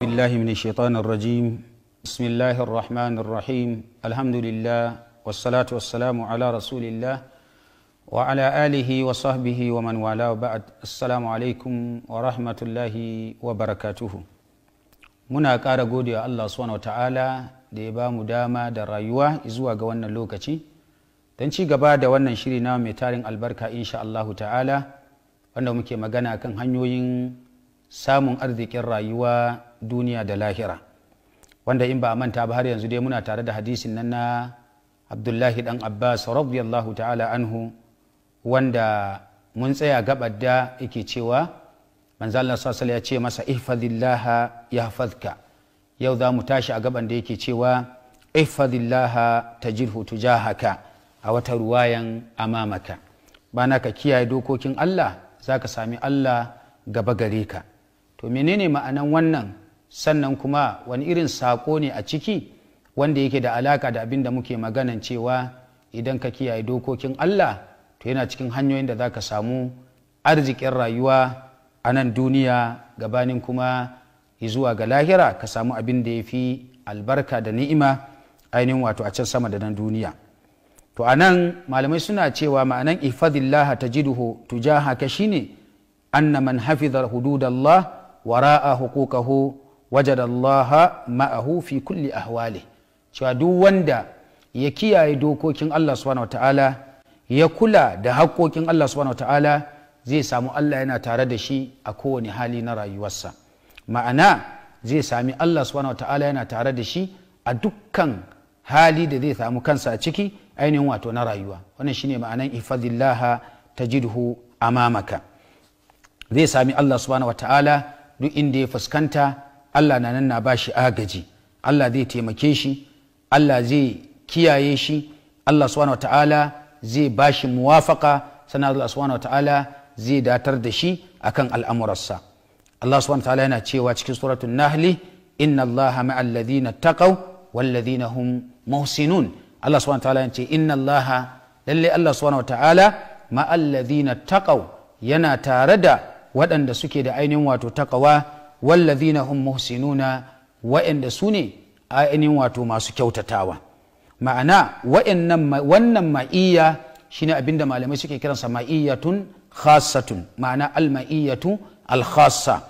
بالله من الشيطان الرجيم بسم الله الرحمن الرحيم الحمد لله والصلاة والسلام على رسول الله وعلى آله وصحبه ومن والاه بعد السلام عليكم ورحمة الله وبركاته muna ƙara gode wa Allah subhanahu da ya ba dama da rayuwa zuwa ga wannan lokaci don ci gaba da wannan shiri na mai tarin albarka insha Allahu ta'ala wanda muke magana kan hanyoyin samun arzikin rayuwa duniya da lahira wanda in ba a manta ba har yanzu dai muna tare da hadisin nan na abdullahi dan abbas radiyallahu ta'ala anhu wanda mun tsaya gabar da yake cewa manzo Allah sallallahu ya ce masa ihfazillah yahfazka yau za mu tashi a gaban da yake cewa ihfazillah tajirhu tujahaka a wata ruwayan amamaka bana ka kiyaye dokokin Allah zaka sami Allah gaba gare ka to menene ma'anan wannan sannan kuma wani irin sako ne a ciki wanda yake da alaka da abin da muke maganan cewa idan ka kiyaye dokokin Allah to yana cikin hanyoyin da za ka samu arzikin rayuwa a nan duniya gabanin kuma zuwa ga lahira ka samu abin da ya fi albarka da ni'ima ainihin wato a can sama da nan duniya to a nan malamai suna cewa ma'anan ihfadillah tajiduhu tujahaka shine anna man hafiza hududallah wara'a huquqahu wajada Allah ma'ahu fi kulli ahwali cewa duk wanda ya kiyaye dokokin Allah subhanahu ya kula da haƙoƙin Allah subhanahu zai samu Allah yana tare da shi a kowane hali na rayuwarsa ma'ana zai sami Allah subhanahu yana tare da shi a dukkan hali da zai samu kansa a ciki ainihin wato na rayuwa wannan shine ma'anan ifadillaha tajidhu amamaka zai sami Allah subhanahu duk inda ya fuskanta Allah na nan na ba shi agaji Allah zai taimake shi Allah zai kiyaye shi Allah subhanahu ta'ala zai ba shi muwafaka sannan Allah subhanahu ta'ala zai datar da shi akan al'amuransa Allah subhanahu ta'ala yana cewa cikin suratul nahli inna Allah ma'al ladina taqaw wal ladina hum muhsinun Allah subhanahu ta'ala yana ce inna Allah lalle Allah subhanahu ta'ala ma'al ladina taqaw yana tare da waɗanda suke da ainihin wato takawa wallazina hum muhsinuna waɗanda su ne ainihin wato masu kyautatawa ma'ana wannan ma'iyya shine abinda malamai suke kiransa ma'iyyatun khassatun ma'ana al-ma'iyyatu al-khassa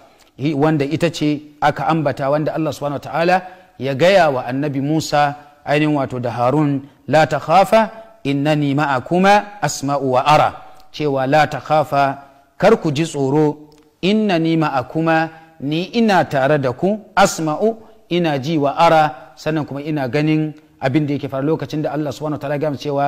wanda ita ce aka ambata wanda Allah subhanahu ta'ala ya gaya wa annabi Musa ainihin wato da Harun la ta khafa innani ma'akuma asma'u wa ara cewa la ta khafa kar ku ji tsoro inna ni kuma ni ina tare da ku asma'u ina ji wa ara sannan kuma ina ganin abin da yake fara lokacin da Allah subhanahu wa ta'ala gama cewa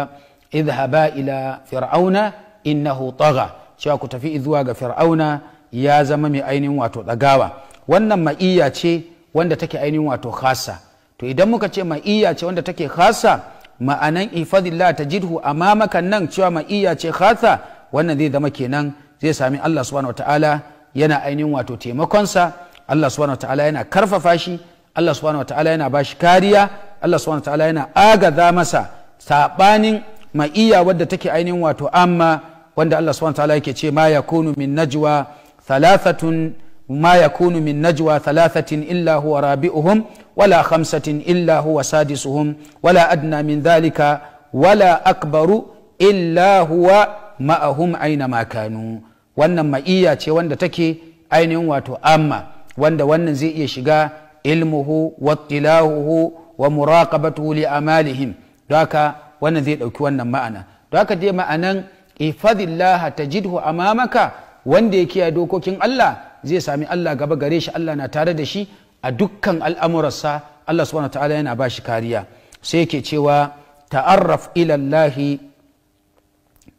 idhaba ila fir'auna innahu tagha cewa ku tafi zuwa ga fir'auna ya zama mai ainihin wato dagawa wannan ma'iyya ce wanda take ainihin wato khasa to idan muka ce ma'iyya ce wanda take khasa ma'anan ifadillah tajidhu amamakan nan cewa ma'iyya ce khasa wannan zai zama kenan zai sami Allah subhanahu ta'ala yana ainihin wato taimakonsa Allah subhanahu ta'ala yana karfafa shi Allah subhanahu ta'ala yana ba shi kariya Allah subhanahu ta'ala yana agaza masa saɓanin ma'iya wadda take ainihin wato amma wanda Allah subhanahu ta'ala yake ce ma yakunu min najwa thalathatun ma yakunu min najwa thalathatin illa huwa rabi'uhum wala khamsatin illa huwa sadisuhum wala adna min dhalika wala akbaru illa huwa ma'ahum aina ma kanu wannan ma'iyya ce wanda take ainihin wato amma wanda wannan zai iya shiga ilmuhu wa tilahuhu wa muraqabatuhu li amalihim don haka wannan zai ɗauki wannan ma'ana don haka dai ma'anan ifadillaha tajidhu amamaka wanda ya kiyaye dokokin Allah zai sami Allah gaba gare shi Allah na tare da shi a dukkan al'amuransa Allah subhanahu ta'ala yana ba shi kariya sai yake cewa ta'arraf ilallahi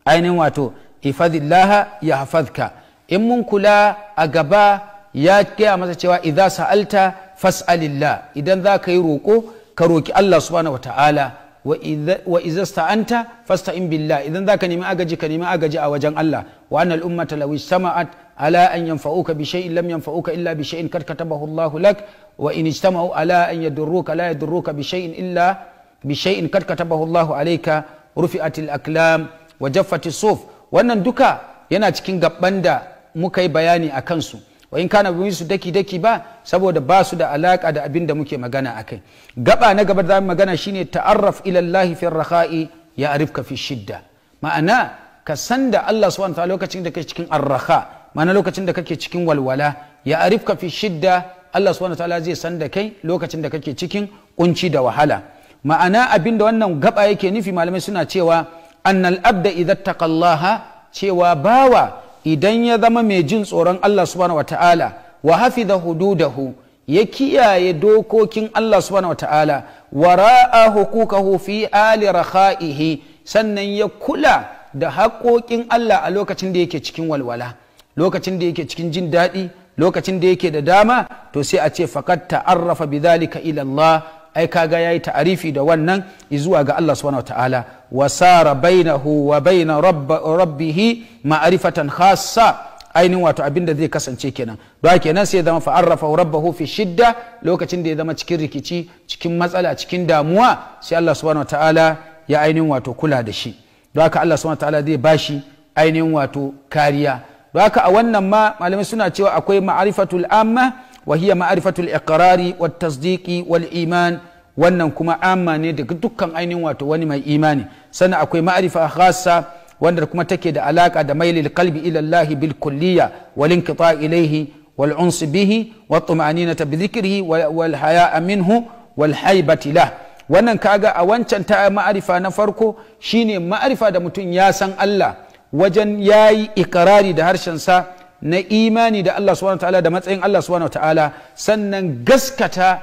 ainihin wato ifadillah ya hafazka in mun kula a gaba ya gaya masa cewa idza sa'alta fas'alillah idan za ka yi roƙo ka roki Allah subhanahu wata'ala wa idza sta'anta fasta'in billah idan za ka nemi agaji ka nemi agaji a wajen Allah wa annal ummata law istama'at ala an yanfa'uka bi shay'in lam yanfa'uka illa bi shay'in kad katabahu Allahu lak wa in ijtama'u ala an yadurruka la yadurruka bi shay'in illa bi shay'in kad katabahu Allahu alayka rufi'atil aklam wa jaffati suf wannan duka yana cikin gaban da muka yi bayani a kansu wa in kana bin su daki daki ba saboda ba su da alaka da abin da muke magana akai gaba na gaba da magana shine ta'arraf ilallahi Allah fi rakhai ya arifka fi shidda ma'ana ka san da Allah subhanahu wa lokacin da kake cikin arraha ma'ana lokacin da kake cikin walwala ya arifka fi shidda Allah subhanahu wa zai san da kai lokacin da kake cikin kunci da wahala ma'ana abin da wannan gaba yake nufi malamai suna cewa annal abda idan taqallaha cewa bawa idan ya zama mai jin tsoron Allah subhanahu wata'ala wa hafiza hududahu ya kiyaye dokokin Allah subhanahu wata'ala wa ra'a hukukahu fi ali rakha'ihi sannan ya kula da haƙoƙin Allah a lokacin da yake cikin walwala lokacin da yake cikin jin daɗi lokacin da yake da dama to sai a ce fakat ta'arrafa bidhalika ila Allah ai kaga yi ta'arifi da wannan zuwa ga Allah subhanahu wataala wa sara bainahu wa baina rabbih ma'rifatan khassa ainihin wato abin da zai kasance kenan don kenan sai ya zama fa'arrafa rabbahu fi shidda lokacin da ya zama cikin rikici cikin matsala cikin damuwa sai Allah subhanahu wataala ya ainihin wato kula da shi don haka Allah subhanahu wataala zai bashi ainihin wato kariya don haka a wannan ma malamai suna cewa akwai ma'arifatul amma wa hiya ma'rifatul iqrari wat tasdiqi wal wannan kuma amane ne daga dukkan ainihin wato wani mai imani sannan akwai ma'arifa khassa wanda kuma take da alaka da mailil qalbi ila Allah bil kulliya wal inqita ilayhi wal uns bihi wat tuma'aninata bi dhikrihi wal haya'a minhu wal haibati lah wannan kaga a wancan ta ma'arifa na farko shine ma'arifa da mutum ya san Allah wajen yayi ikrari da harshen sa na imani da Allah subhanahu ta'ala da matsayin Allah subhanahu ta'ala sannan gaskata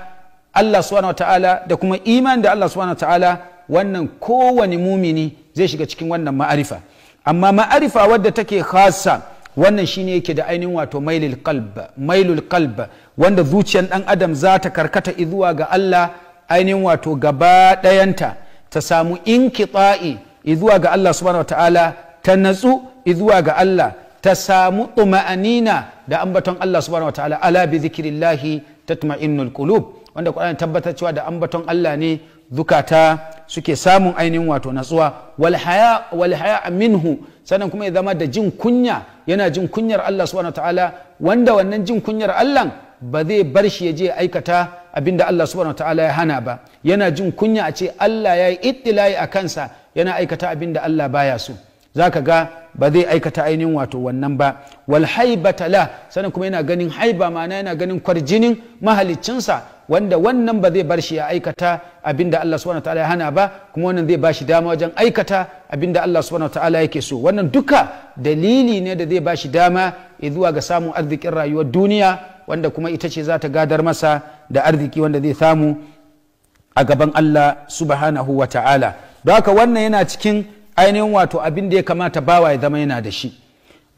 Allah subhanahu ta'ala da kuma imani da Allah subhanahu ta'ala wannan kowane mumini zai shiga cikin wannan ma'arifa amma ma'arifa wadda take khasa wannan shine yake da ainihin wato mailul qalb mailul qalb wanda zuciyar dan adam za ta karkata izuwa ga Allah ainihin wato gaba dayanta ta samu inqita'i izuwa ga Allah subhanahu ta'ala ta natsu izuwa ga Allah ta samu ɗuma'anina da ambaton Allah subhanahu wa ta'ala ala bi zikirillahi tatma'innul qulub wanda Qur'ani tabbatar cewa da ambaton Allah ne zukata suke samun ainihin wato natsuwa wal haya wal haya minhu sannan kuma ya zama da jin kunya yana jin kunyar Allah subhanahu wa ta'ala wanda wannan jin kunyar Allah ba zai bar shi ya je aikata abin da Allah subhanahu ta'ala ya hana ba yana jin kunya a ce Allah ya yi ittila'i a kansa yana aikata abin da Allah baya so zaka ga ba zai aikata ainihin wato wannan ba wal haibata sannan kuma yana ganin haiba ma'ana yana ganin kwarjinin mahaliccinsa wanda wannan ba zai bar shi ya aikata abinda Allah subhanahu ta'ala ya hana ba kuma wannan zai bashi dama wajen aikata abinda Allah subhanahu ta'ala yake so wannan duka dalili ne da zai bashi dama zuwa ga samun arzikin rayuwar duniya wanda kuma ita ce za ta gadar masa da arziki wanda zai samu a gaban Allah subhanahu wa ta'ala don haka wannan yana cikin ainihin wato abin da ya kamata bawa ya zama yana da shi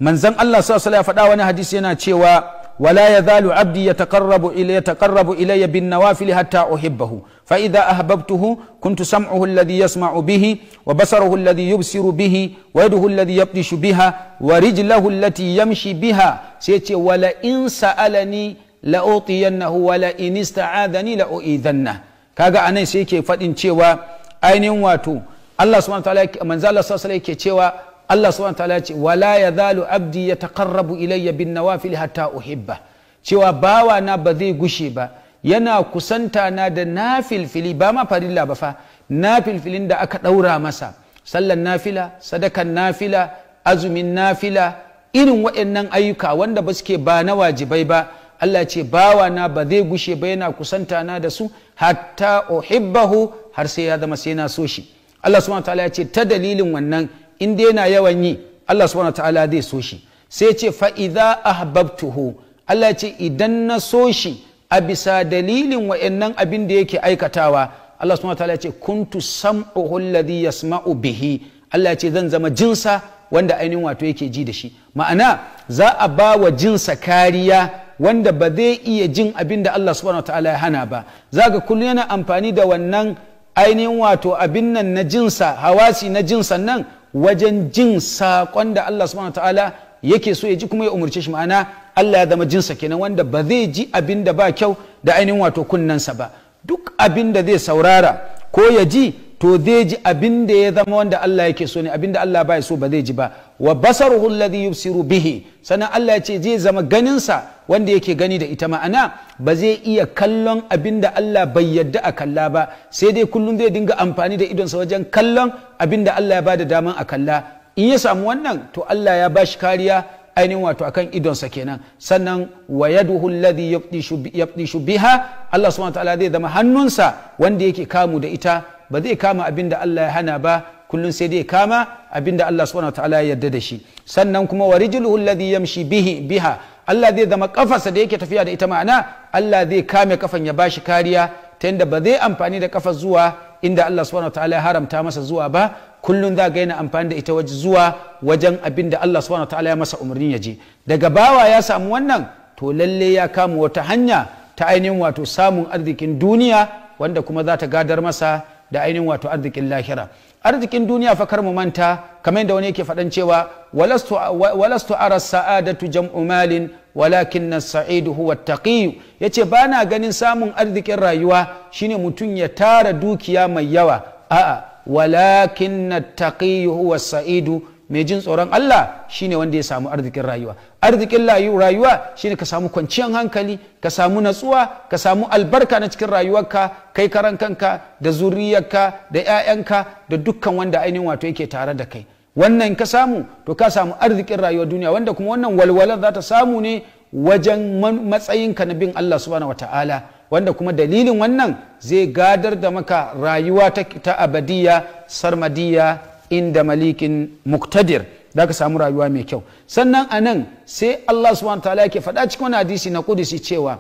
manzan Allah sallallahu alaihi wasallam ya faɗa wani hadisi yana cewa wala yazalu abdi yataqarrabu ila yataqarrabu ilayya bin nawafil hatta uhibbahu fa idza ahbabtuhu kuntu sam'uhu alladhi yasma'u bihi wa basaruhu alladhi yubsiru bihi wa yaduhu alladhi yabtishu biha wa rijluhu allati yamshi biha sai ce wala in sa'alani la utiyannahu wa la in ista'adani la u'idhanna kaga anan sai ke faɗin cewa ainihin wato Allah subhanahu wa ta'ala manzo Allah yake cewa Allah subhanahu wa ta'ala ce wala zalu abdi yataqarrabu ilayya bin nawafil hatta uhibba cewa bawa na ba zai gushe ba yana kusanta na da nafilfili ba ma farilla ba fa nafilfilin da aka daura masa sallan nafila sadakan nafila azumin nafila irin waɗannan ayyuka wanda ba suke ba na wajibai ba Allah ce bawa na ba zai gushe ba yana kusanta na da su hatta uhibbahu har sai ya zama sai na so shi Allah subhanahu ta'ala ya ce ta dalilin wannan in dai yana yawan yi Allah subhanahu ta'ala zai so shi sai ya ce a idza ahbabtuhu Allah ya ce idan na so shi a bisa dalilin wa'annan abin da yake aikatawa Allah subhanahu ta'ala ya ce kuntu sam'uhu alladhi yasma'u bihi Allah ya ce zan zama jinsa wanda ainihin wato yake ji da shi ma'ana za a ba wa jinsa kariya wanda ba zai iya jin abin da Allah subhanahu ta'ala ya hana ba za ga kullum yana amfani da wannan ainihin wato abin nan na jinsa hawasi na jinsa nan wajen jin saƙon da Allah subhanahu ta'ala yake so ya ji kuma ya umarce shi ma'ana Allah ya zama jinsa kenan wanda ba zai ji abin da ba kyau da ainihin wato kunnensa ba duk abin da zai saurara ko ya ji to zai ji abin da ya zama wanda Allah yake so ne abin da Allah ba ya so ba zai ji ba wa basaruhu alladhi yubsiru bihi sannan Allah ya ce zai zama ganin sa wanda yake gani da ita ma'ana ba zai iya kallon abin da Allah bai yadda a kalla ba sai dai kullum zai dinga amfani da idonsa wajen kallon abin da Allah ya bada daman a kalla in ya samu wannan to Allah ya bashi kariya ainihin wato akan idonsa kenan sannan wa yaduhu alladhi yabtishu biha Allah subhanahu ta'ala zai zama hannunsa wanda yake kamu da ita ba zai kama abin da Allah ya hana ba kullum sai dai kama abin da Allah subhanahu ta'ala ya yarda da shi sannan kuma wa rijluhu yamshi bihi biha Allah zai zama kafarsa da yake tafiya da ita ma'ana Allah zai kame kafan ya bashi kariya ta yadda ba zai amfani da kafa zuwa inda Allah subhanahu wa ta'ala ya haramta masa zuwa ba kullum za ga yana amfani da ita waje zuwa wajen abin da Allah subhanahu wa ta'ala ya masa umarni ya je daga bawa ya samu wannan to lalle ya kama wata hanya ta ainihin wato samun arzikin duniya wanda kuma za ta gadar masa da ainihin wato arzikin lahira arzikin duniya fa kar mu manta kamar yadda wani yake faɗan cewa walastu ara sa'adatu jam'u malin walakin na sa'idu huwa taqiyu yace ba na ganin samun arzikin rayuwa shine mutum ya tara dukiya mai yawa a'a walakin na taqiyu huwa sa'idu mai jin tsoron Allah shine wanda ya samu arzikin rayuwa arzikin rayuwa shine ka samu kwanciyar hankali ka samu natsuwa ka samu albarka na cikin rayuwarka kai karan kanka da zuriyarka da 'ya'yanka da dukkan wanda ainihin wato yake tare da kai wannan ka samu to ka samu arzikin rayuwa duniya wanda kuma wannan walwalar za ta samu ne wajen matsayinka na bin Allah subhanahu wataala wanda kuma dalilin wannan zai gadar da maka rayuwa ta abadiya sarmadiya inda malikin muktadir za ka samu rayuwa mai kyau sannan a nan sai Allah subhanahu ta'ala yake faɗa cikin wani hadisi na kudusi cewa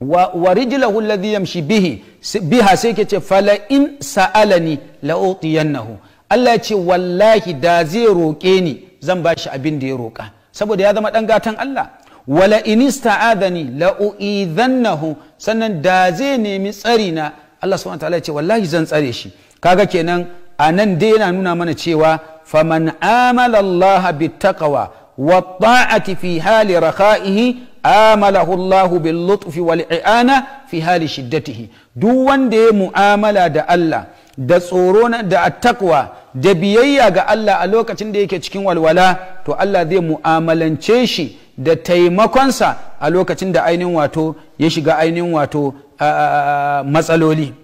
wa, wa rijlahu alladhi yamshi bihi biha sai ke ce fala in sa'alani la utiyannahu Allah ya ce wallahi da zai roƙe ni zan bashi abin da ya roƙa saboda ya zama ɗan gatan Allah wala in ista'adani la u'idannahu sannan da zai nemi tsari na Allah subhanahu ta'ala ya ce wallahi zan tsare shi kaga kenan a nan dai yana nuna mana cewa faman amala Allah wa ta'ati fi hali rakha'ihi amalahu Allah bil lutfi wal i'ana fi hali shiddatihi duk wanda ya mu'amala da Allah da tsoro da attaqwa da biyayya ga Allah a lokacin da yake cikin walwala to Allah zai mu'amalance shi da taimakonsa a lokacin da ainihin wato ya shiga ainihin wato matsaloli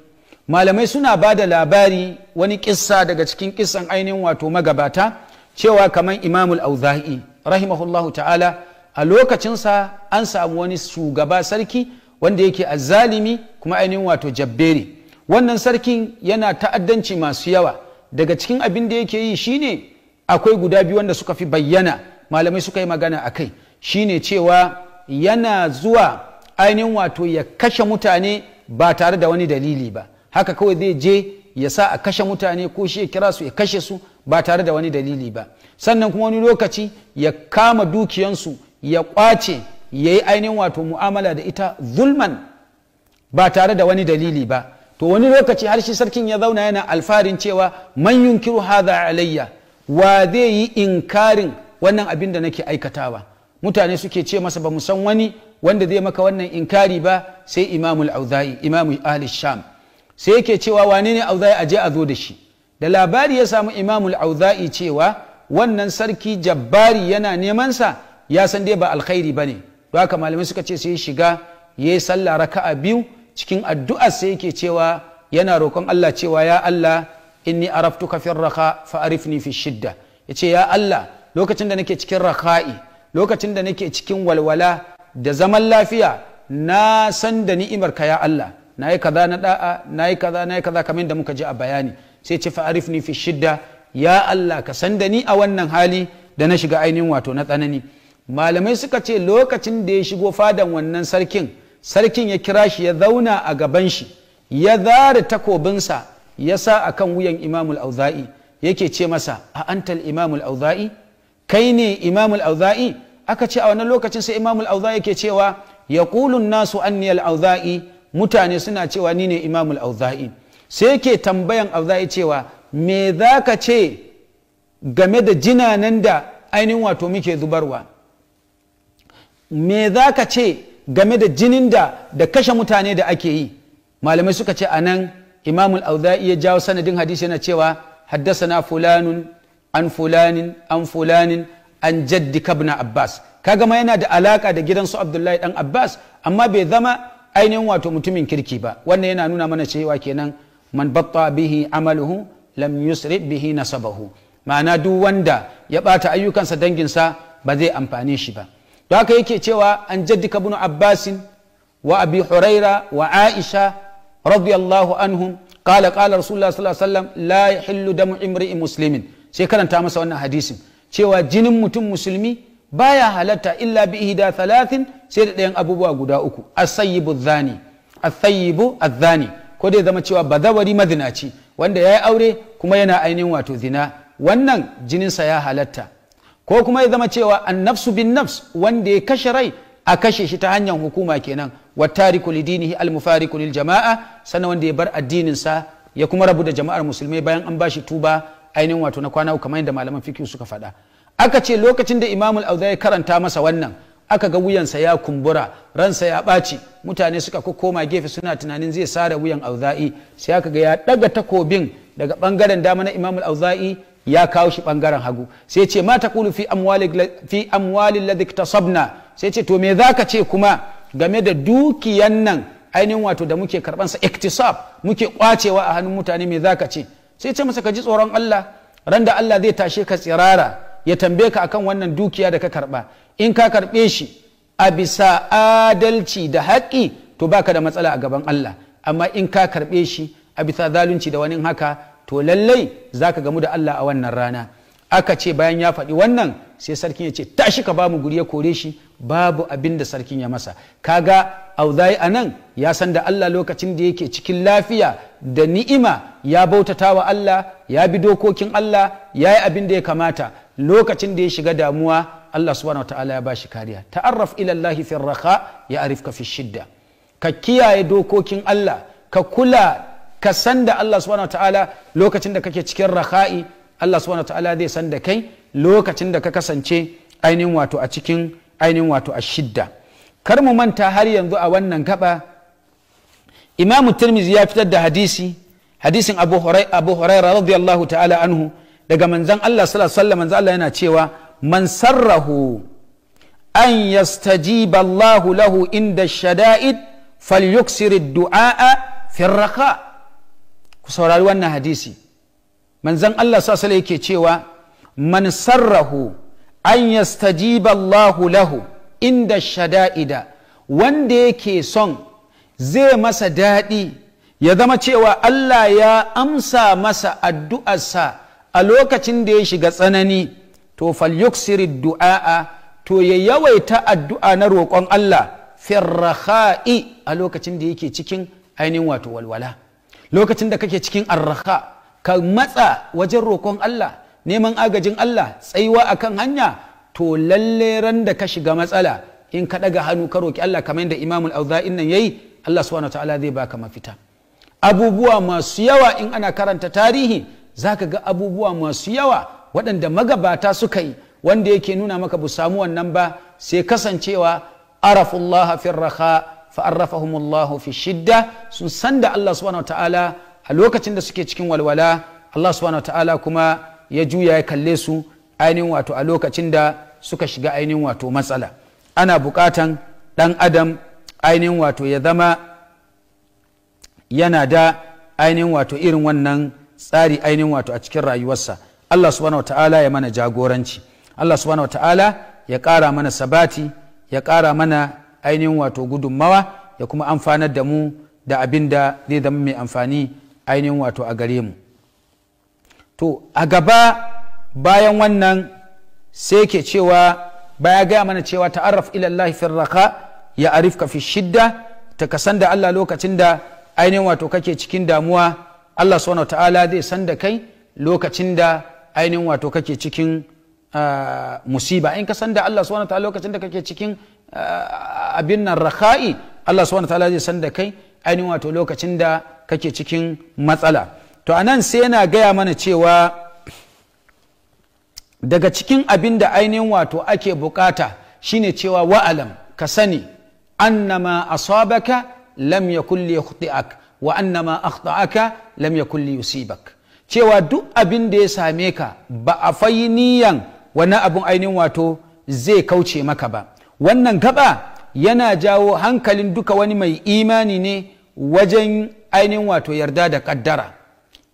malamai suna ba da labari wani kissa daga cikin kissan ainihin wato magabata cewa kamar imamul auza'i rahimahullahu ta'ala a lokacinsa an samu wani shugaba sarki wanda yake zalimi kuma ainihin wato jabbere wannan sarkin yana ta'addanci masu yawa daga cikin abin da yake yi shine akwai guda biyu wanda suka fi bayyana malamai suka yi magana a kai shine cewa yana zuwa ainihin wato ya kashe mutane ba tare da wani dalili ba haka kawai zai je ya sa a kashe mutane ko shi ya kira su ya kashe su ba tare da wani dalili ba sannan kuma wani lokaci ya kama dukiyansu ya kwace ya yi ainihin wato mu'amala da ita zulman ba tare da wani dalili ba to wani lokaci har shi sarkin ya zauna yana alfarin cewa man yunkiru hadha alayya wa zai yi inkarin wannan abin da nake aikatawa mutane suke ce masa ba san wani wanda zai maka wannan inkari ba sai imamul auza'i imamu ahli sham sai yake cewa wane ne auza'i a je a zo da shi da labari ya samu imamul auza'i cewa wannan sarki jabbari yana nemansa ya san dai ba alkhairi ba ne don haka malamai suka ce sai shiga ya yi sallah raka'a biyu cikin addu'a sai yake cewa yana roƙon Allah cewa ya Allah inni araftuka kafin raka fa'arifni fi shidda ya Allah lokacin da nake cikin raka'i lokacin da nake cikin walwala da zaman lafiya na san da ni'imarka ya Allah na yi kaza na da'a na yi kaza na yi kaza kamar da muka ji a bayani sai ce fa'arifni fi shidda ya Allah ka san da ni a wannan hali da na shiga ainihin wato na tsanani malamai suka ce lokacin da ya shigo fadan wannan sarkin sarkin ya kira shi ya zauna a gaban shi ya zara takobinsa ya sa a kan wuyan imamul auza'i yake ce masa a antal imamul auza'i kai ne imamul auza'i aka ce a wannan lokacin sai imamul auza'i yake cewa ya kulun nasu anni auza'i mutane suna cewa ni ne imamul auza'i sai yake tambayan auza'i cewa me za ka ce game da jinanan da ainihin wato muke zubarwa me za ka ce game da jinin da da kashe mutane da ake yi malamai suka ce a nan imamul auza'i ya jawo sanadin hadisi yana cewa haddasa fulanun an fulanin an fulanin an jaddi kabna abbas kaga ma yana da alaka da gidansu abdullahi dan abbas amma bai zama ainihin wato mutumin kirki ba wannan yana nuna mana cewa kenan man batta bihi amaluhu lam yusri bihi nasabahu ma'ana duk wanda ya bata ayyukansa danginsa ba zai amfane shi ba to haka yake cewa an jaddika ibn abbasin wa abi huraira wa aisha radiyallahu anhum qala qala rasulullah sallallahu alaihi wasallam la yahillu damu imri'in muslimin sai karanta masa wannan hadisin cewa jinin mutum musulmi baya halatta illa bi ihda thalathin sai da ɗayan abubuwa guda uku as-sayyibu dhani as-sayyibu adh zani ko dai zama cewa bazawari mazinaci wanda yayi aure kuma yana ainihin wato zina wannan jinin sa ya halatta ko kuma ya zama cewa an-nafsu bin nafs wanda ya kashe rai a kashe shi ta hanyar hukuma kenan wa tariku dinihi al mufariku lil jama'a sannan wanda ya bar addinin sa ya kuma rabu da jama'ar musulmai bayan an bashi tuba ainihin wato na kwana kamar yadda malaman fiqh suka faɗa aka ce lokacin da imamul auza ya karanta masa wannan aka ga wuyansa ya kumbura ransa ya ɓaci mutane suka koma gefe suna tunanin zai sare wuyan auza'i sai aka ga ya ɗaga takobin daga ɓangaren dama na imamul auza'i ya kawo shi ɓangaren hagu sai ce mata kulu fi amwali ladik amwali sai ce to me za ka ce kuma game da dukiyan nan ainihin wato da muke karban sa iktisab muke kwacewa a hannun mutane me za ka ce sai ce masa ka ji tsoron Allah ran da Allah zai tashe ka tsirara ya tambaye ka akan wannan dukiya da ka karba in ka karbe shi a bisa adalci da haƙƙi to baka da matsala a gaban Allah amma in ka karbe shi a bisa zalunci da wani haka to lallai za ka gamu da Allah a wannan rana aka ce bayan ya faɗi wannan sai sarkin ya ce tashi ka bamu guri ya kore shi babu abin da sarkin ya masa kaga auzai a nan ya san da Allah lokacin da yake cikin lafiya da ni'ima ya bautata wa Allah ya bi dokokin Allah ya yi abin da ya kamata lokacin da ya shiga damuwa Allah subhanahu ta'ala ya shi kariya ta'arraf ila Allah fi raha ya arifka fi shidda ka kiyaye dokokin Allah ka kula ka san da Allah subhanahu ta'ala lokacin da kake cikin raha'i Allah subhanahu ta'ala zai san da kai lokacin da ka kasance ainihin wato a cikin ainihin wato a shidda kar mu manta har yanzu a wannan gaba imamu tirmizi ya fitar da hadisi hadisin abu huraira radiyallahu ta'ala anhu daga manzan Allah sallallahu alaihi manzan Allah yana cewa man sarrahu an yastajiba Allahu lahu inda shada'id falyuksir du'a'a fi raka ku saurari wannan hadisi manzan Allah sallallahu alaihi yake cewa man sarrahu an yastajiba Allahu lahu inda shada'ida wanda yake son zai masa daɗi ya zama cewa Allah ya amsa masa addu'arsa a lokacin da ya shiga tsanani to falyuksiri du'a'a to ya yawaita addu'a na roƙon Allah firraha'i a lokacin da yake cikin ainihin wato walwala lokacin da kake cikin arraha ka matsa wajen roƙon Allah neman agajin Allah tsayuwa akan hanya to lalle ran da ka shiga matsala in ka daga hannu ka roki Allah kamar yadda Imam Al-Auzain nan yayi Allah subhanahu wa ta'ala zai baka mafita abubuwa masu yawa in ana karanta tarihi za ka ga abubuwa masu yawa waɗanda magabata suka yi wanda yake nuna maka bu samu wannan ba sai kasancewa arafullah fi raha fa arrafahumullah fi shidda sun san da Allah subhanahu ta'ala a lokacin da suke cikin walwala Allah subhanahu ta'ala kuma ya juya ya kalle su ainihin wato a lokacin da suka shiga ainihin wato matsala ana bukatan dan adam ainihin wato ya zama yana da ainihin wato irin wannan tsari ainihin wato a cikin rayuwarsa Allah subhanahu wa ta'ala ya mana jagoranci Allah subhanahu wa ta'ala ya ƙara mana sabati ya ƙara mana ainihin wato gudunmawa ya kuma amfanar da mu da abin da zai zama mai amfani ainihin wato a gare mu to a gaba bayan wannan sai ke cewa baya gaya mana cewa ta'arraf ilallahi firraka ya arifka fi shidda ta kasan da Allah lokacin da ainihin wato kake cikin damuwa Allah subhanahu ta'ala zai san da kai lokacin da ainihin wato kake cikin ah, musiba in ka san da Allah subhanahu ta'ala lokacin da kake cikin ah, abin nan raka'i. Allah subhanahu ta'ala zai san da kai ainihin wato lokacin da kake cikin matsala to anan sai yana gaya mana cewa daga cikin abin da ainihin wato ake bukata shine cewa wa'alam ka sani annama asabaka lam yakun li yakhti'ak wa annama akhta'aka lam ya li yusibak cewa duk abin da ya same ka ba a fayi niyan wani abun ainihin wato zai kauce maka ba wannan gaba yana jawo hankalin duka wani mai imani ne wajen ainihin wato yarda da kaddara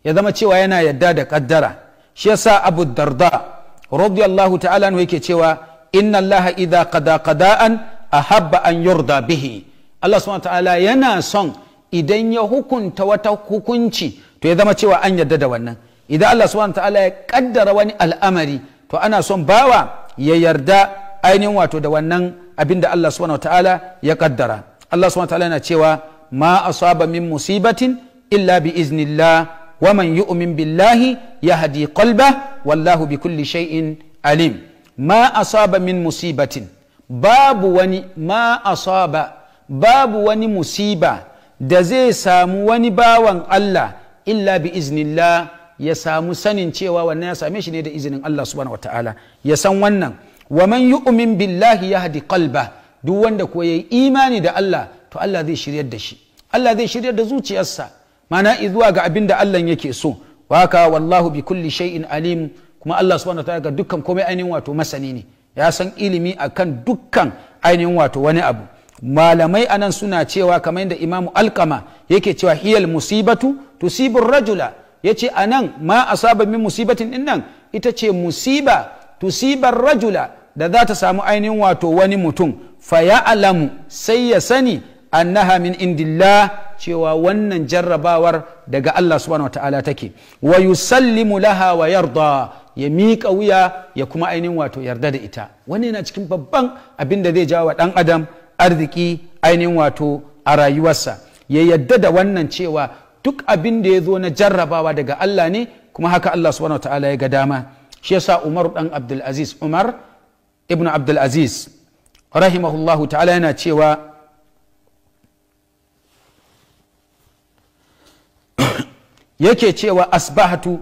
ya zama cewa yana yarda da kaddara shi yasa abu darda radiyallahu ta'ala yake cewa inna allaha idza qada qada'an ahabba an yurda bihi Allah subhanahu ta'ala yana son idan ya hukunta wata hukunci to ya zama cewa an yarda da wannan idan Allah subhanahu ta'ala ya kaddara wani al'amari to ana son bawa ya yarda ainihin wato da wannan abin da Allah subhanahu ta'ala ya kaddara Allah subhanahu ta'ala yana cewa ma asaba min musibatin illa bi iznillah wa man yu'min billahi yahdi qalba wallahu bi kulli shay'in alim ma asaba min musibatin babu wani ma asaba babu wani musiba da zai samu wani bawan Allah illa bi iznillah ya samu sanin cewa wannan ya same shi ne da izinin Allah subhanahu wataala ya san wannan wa man yu'min billahi yahdi qalba duk wanda ko yayi imani da Allah to Allah zai shiryar da shi Allah zai shiryar da zuciyarsa mana zuwa ga abin da Allah yake so waka wallahu bi kulli shay'in alim kuma Allah subhanahu wataala ga dukkan komai ainihin wato masani ne ya san ilimi akan dukkan ainihin wato wani abu malamai anan suna cewa kamar yadda imamu alkama yake cewa hiyal musibatu tusibur rajula yace anan ma asaba min musibatin din nan ita ce musiba tusibar rajula da za ta samu ainihin wato wani mutum faya alamu sai ya sani annaha min indillah cewa wannan jarrabawar daga Allah subhanahu wa take wa yusallimu laha wa yarda ya miƙa wuya ya kuma ainihin wato yarda da ita wannan yana cikin babban abin da zai jawo wa ɗan adam arziki ainihin wato a rayuwarsa ya yadda da wannan cewa duk abin da ya zo na jarrabawa daga Allah ne kuma haka Allah subhanahu ta'ala ya ga dama shi yasa Umar dan Abdul Aziz Umar ibn Abdul Aziz rahimahullahu ta'ala yana cewa yake cewa asbahatu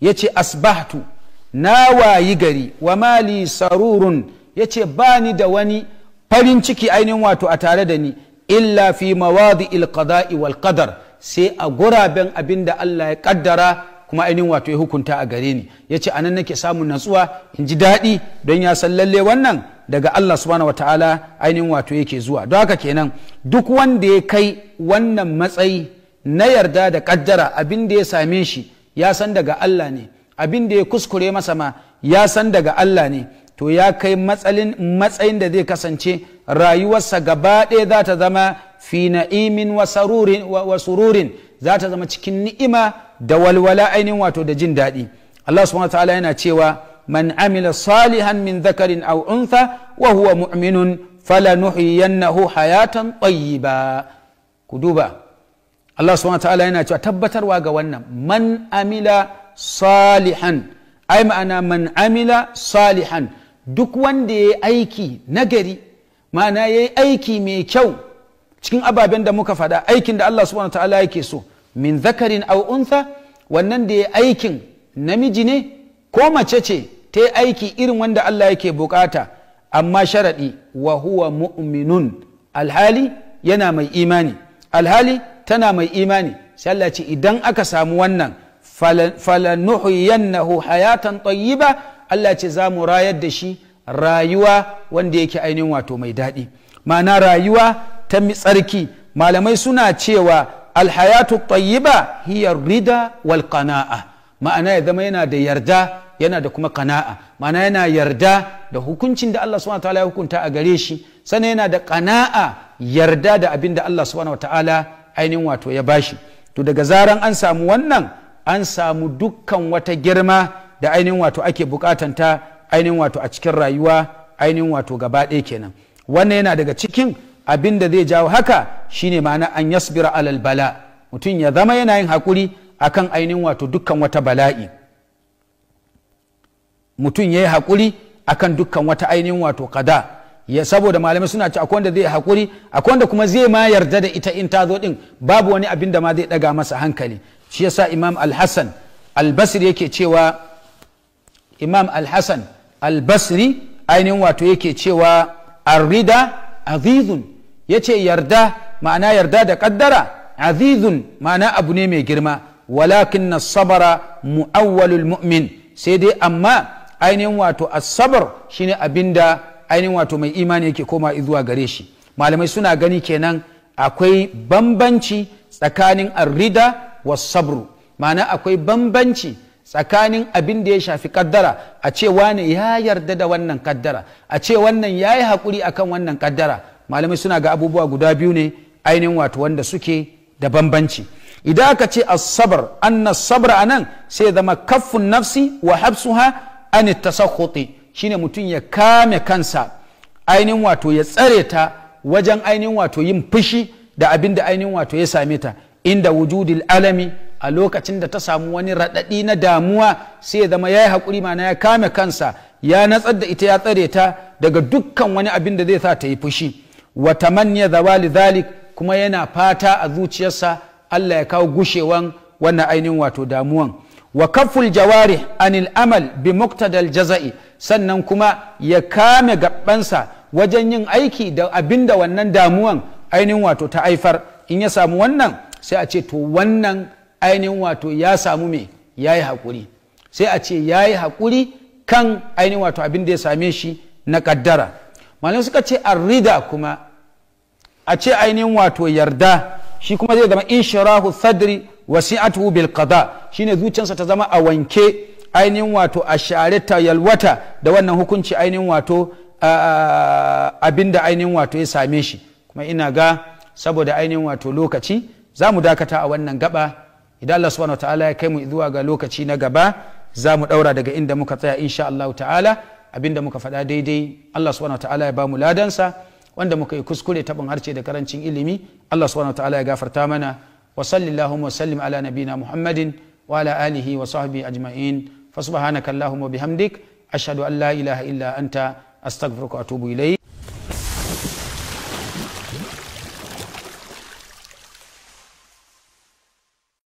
yace asbahtu na wayi gari wa mali sarurun ya ce ba ni da wani farin ciki ainihin wato a tare da ni illa fi mawadi ilkada wal qadar sai a guraben abin da Allah ya kaddara kuma ainihin wato ya hukunta a gare ni ya ce anan nake samun natsuwa in ji daɗi don ya san lalle wannan daga Allah subhanahu wataala ainihin wato yake zuwa don haka kenan duk wanda ya kai wannan matsayi na yarda da kaddara abin da ya same shi ya san daga Allah ne abin da ya kuskure masa ma ya san daga Allah ne to ya kai matsayin da zai kasance rayuwarsa gaba ɗaya za ta zama fi na'imin wa sururin za ta zama cikin ni'ima da walwala ainihin wato da jin daɗi Allah subhanahu ta'ala yana cewa man amila salihan min zakarin aw untha wa huwa mu'minun falanuhyiyannahu hayatan tayyiba ku duba Allah subhanahu ta'ala yana cewa tabbatarwa ga wannan man amila salihan ai ma'ana man amila salihan duk wanda ya yi aiki nagari ma'ana ya yi aiki mai kyau cikin ababen da muka faɗa aikin da Allah subhanahu ta'ala yake so min zakarin au'unsa wannan da ya aikin namiji ne ko mace ce ta yi aiki irin wanda Allah yake bukata amma sharaɗi wa huwa mu'minun alhali yana mai imani alhali tana mai imani sai idan aka samu wannan falanuhiyannahu hayatan tayyiba Allah ce za mu rayar da shi rayuwa wanda yake ainihin wato mai daɗi ma'ana rayuwa ta tsarki malamai suna cewa alhayatu tayyiba hiya rida wal qana'a ma'ana ya zama yana da yarda yana da kuma qana'a ma'ana yana yarda da hukuncin da Allah subhanahu ta'ala ya hukunta a gare shi sannan yana da qana'a yarda da abin da Allah subhanahu ta'ala ainihin wato ya bashi to daga zaran an samu wannan an samu dukkan wata girma da ainihin wato ake bukatanta ainihin wato a cikin rayuwa ainihin wato gaba ɗaya kenan wannan yana daga cikin abin da zai jawo haka shine ma'ana an yasbira alal bala mutum ya zama yana yin hakuri akan ainihin wato dukkan wata bala'i mutum ya yi haƙuri akan dukkan wata ainihin wato kada ya saboda malamai suna ci akwai wanda zai hakuri akwai wanda kuma zai ma yarda da ita in ta zo din babu wani abin da ma zai daga masa hankali shi yasa imam al albasir al-basri yake cewa imam AlHassan hassan al-basri ainihin wato yake cewa arrida azizun ya ce yarda ma'ana yarda da kaddara azizun ma'ana abu ne mai girma walakin na sabara mu'awwalul mu'min sai dai amma ainihin wato asabar shine da ainihin wato mai imani yake koma zuwa gare shi malamai suna gani kenan akwai bambanci tsakanin arrida wa sabru ma'ana akwai bambanci tsakanin abin da ya shafi kaddara a ce wani ya yarda da wannan kaddara a ce wannan ya yi haƙuri a kan wannan kaddara malamai suna ga abubuwa guda biyu ne ainihin wato wanda suke da bambanci idan aka ce asabar na sabar a nan sai zama kafin nafsi wa habsuha an tasakhuti shine mutum ya kame kansa ainihin wato ya tsare ta wajen ainihin wato yin fushi da abin da ainihin wato ya same ta inda wujudil alami a lokacin da ta samu wani raɗaɗi na damuwa sai ya zama ya yi haƙuri mana ya kame kansa ya natsar da ita ya tsare ta daga dukkan wani abin da zai sa ta yi fushi wa ya zawali zalik kuma yana fata a zuciyarsa Allah ya kawo gushewan wannan ainihin wato damuwan wa kaful jawari anil amal bi muktadal jaza'i sannan kuma ya kame gabansa wajen yin aiki da abin da wannan damuwan ainihin wato ta haifar in ya samu wannan sai a ce to wannan ainihin wato ya samu me ya yi haƙuri sai a ce ya yi haƙuri kan ainihin wato abin da ya same shi na ƙaddara malamai suka ce rida kuma a ce ainihin wato yarda shi kuma zai zama in shirahu sadri wasi'atu bil qada shine zuciyarsa ta zama a wanke ainihin wato a share ta yalwata da wannan hukunci ainihin wato abin da ainihin wato ya same shi kuma ina ga saboda ainihin wato lokaci za mu dakata a wannan gaba idan Allah subhanahu ta'ala ya kai mu zuwa ga lokaci na gaba za mu daura daga inda muka tsaya insha Allah ta'ala abinda muka faɗa daidai Allah subhanahu ta'ala ya ba mu ladansa wanda muka yi kuskure taɓin harce da karancin ilimi Allah subhanahu ta'ala ya gafarta mana wa sallallahu wa sallim ala nabina Muhammadin wa ala alihi wa sahbihi ajma'in fa subhanaka allahumma bihamdik ashhadu an la ilaha illa anta astaghfiruka wa atubu ilayk